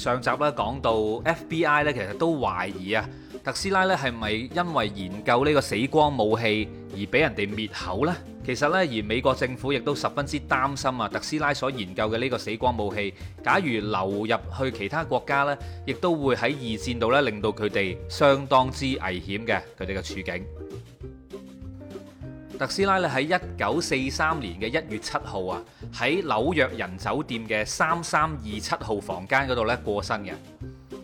上集咧講到 FBI 咧，其實都懷疑啊，特斯拉咧係咪因為研究呢個死光武器而俾人哋滅口咧？其實咧，而美國政府亦都十分之擔心啊，特斯拉所研究嘅呢個死光武器，假如流入去其他國家咧，亦都會喺二戰度咧，令到佢哋相當之危險嘅佢哋嘅處境。特斯拉咧喺一九四三年嘅一月七號啊，喺紐約人酒店嘅三三二七號房間嗰度咧過身嘅，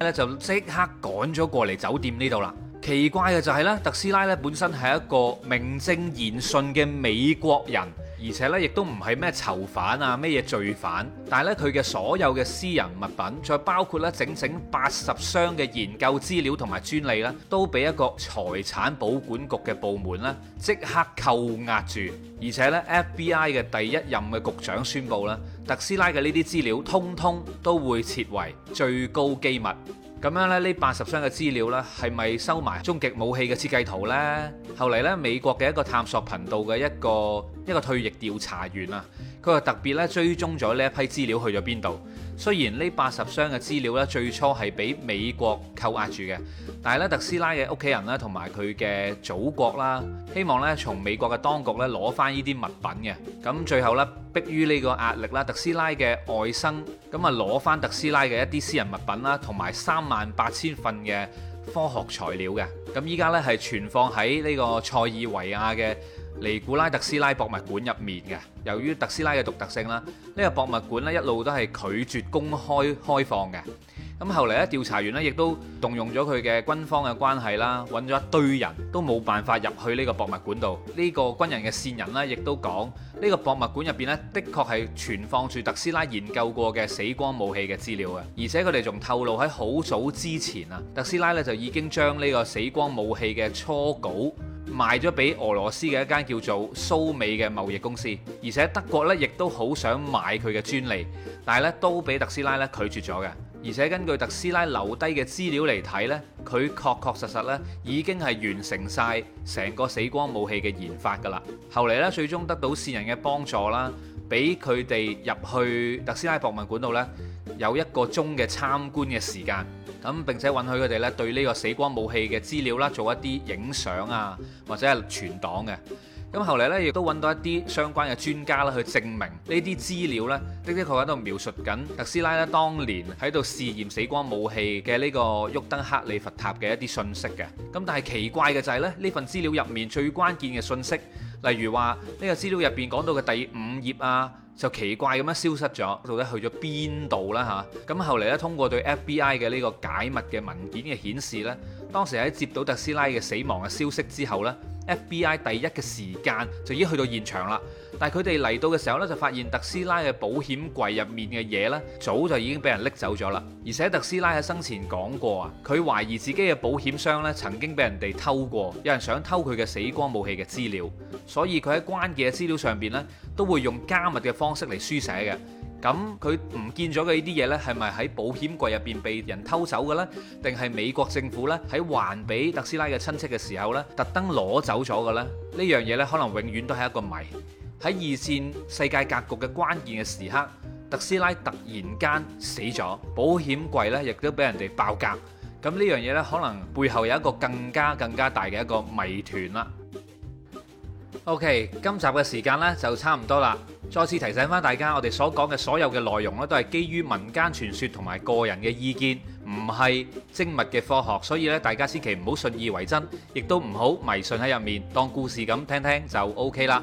咧就即刻趕咗過嚟酒店呢度啦。奇怪嘅就係咧，特斯拉咧本身係一個名正言順嘅美國人。而且咧，亦都唔係咩囚犯啊，咩嘢罪犯，但係咧，佢嘅所有嘅私人物品，再包括咧整整八十箱嘅研究資料同埋專利啦，都俾一個財產保管局嘅部門咧即刻扣押住。而且咧，FBI 嘅第一任嘅局長宣布咧，特斯拉嘅呢啲資料通通都會設為最高機密。咁樣咧，呢八十箱嘅資料呢，係咪收埋終極武器嘅設計圖呢？後嚟呢，美國嘅一個探索頻道嘅一個一個退役調查員啊，佢就特別咧追蹤咗呢一批資料去咗邊度。雖然呢八十箱嘅資料咧最初係俾美國扣押住嘅，但係咧特斯拉嘅屋企人咧同埋佢嘅祖國啦，希望咧從美國嘅當局咧攞翻呢啲物品嘅。咁最後咧逼於呢個壓力啦，特斯拉嘅外甥咁啊攞翻特斯拉嘅一啲私人物品啦，同埋三萬八千份嘅科學材料嘅。咁依家咧係存放喺呢個塞爾維亞嘅。尼古拉特斯拉博物館入面嘅，由於特斯拉嘅獨特性啦，呢個博物館咧一路都係拒絕公開開放嘅。咁後嚟咧，調查員呢，亦都動用咗佢嘅軍方嘅關係啦，揾咗一堆人都冇辦法入去呢個博物館度。呢個軍人嘅線人呢，亦都講呢個博物館入邊呢，的確係存放住特斯拉研究過嘅死光武器嘅資料嘅。而且佢哋仲透露喺好早之前啊，特斯拉呢，就已經將呢個死光武器嘅初稿，賣咗俾俄羅斯嘅一間叫做蘇美嘅貿易公司，而且德國咧亦都好想買佢嘅專利，但係咧都俾特斯拉咧拒絕咗嘅。而且根據特斯拉留低嘅資料嚟睇咧，佢確確實實咧已經係完成晒成個死光武器嘅研發㗎啦。後嚟咧，最終得到線人嘅幫助啦，俾佢哋入去特斯拉博物館度咧。有一個鐘嘅參觀嘅時間，咁並且允許佢哋咧對呢個死光武器嘅資料啦做一啲影相啊，或者係存檔嘅。咁後嚟呢，亦都揾到一啲相關嘅專家啦，去證明呢啲資料呢，的的確確喺度描述緊特斯拉呢當年喺度試驗死光武器嘅呢個沃登克里佛塔嘅一啲信息嘅。咁但係奇怪嘅就係咧，呢份資料入面最關鍵嘅信息，例如話呢個資料入邊講到嘅第五頁啊。就奇怪咁樣消失咗，到底去咗邊度咧？吓、啊，咁後嚟咧，通過對 FBI 嘅呢個解密嘅文件嘅顯示呢，當時喺接到特斯拉嘅死亡嘅消息之後呢。FBI 第一嘅時間就已經去到現場啦，但係佢哋嚟到嘅時候呢，就發現特斯拉嘅保險櫃入面嘅嘢呢，早就已經俾人拎走咗啦。而且特斯拉喺生前講過啊，佢懷疑自己嘅保險箱呢曾經俾人哋偷過，有人想偷佢嘅死光武器嘅資料，所以佢喺關鍵嘅資料上邊呢，都會用加密嘅方式嚟書寫嘅。咁佢唔見咗嘅呢啲嘢呢，係咪喺保險櫃入邊被人偷走嘅呢？定係美國政府呢，喺還俾特斯拉嘅親戚嘅時候呢，特登攞走咗嘅呢？呢樣嘢呢，可能永遠都係一個謎。喺二戰世界格局嘅關鍵嘅時刻，特斯拉突然間死咗，保險櫃呢亦都俾人哋爆格。咁呢樣嘢呢，可能背後有一個更加更加大嘅一個謎團啦。OK，今集嘅時間呢，就差唔多啦。再次提醒返大家，我哋所講嘅所有嘅內容呢，都係基於民間傳說同埋個人嘅意見，唔係精密嘅科學，所以咧，大家千祈唔好信以為真，亦都唔好迷信喺入面，當故事咁聽聽就 OK 啦。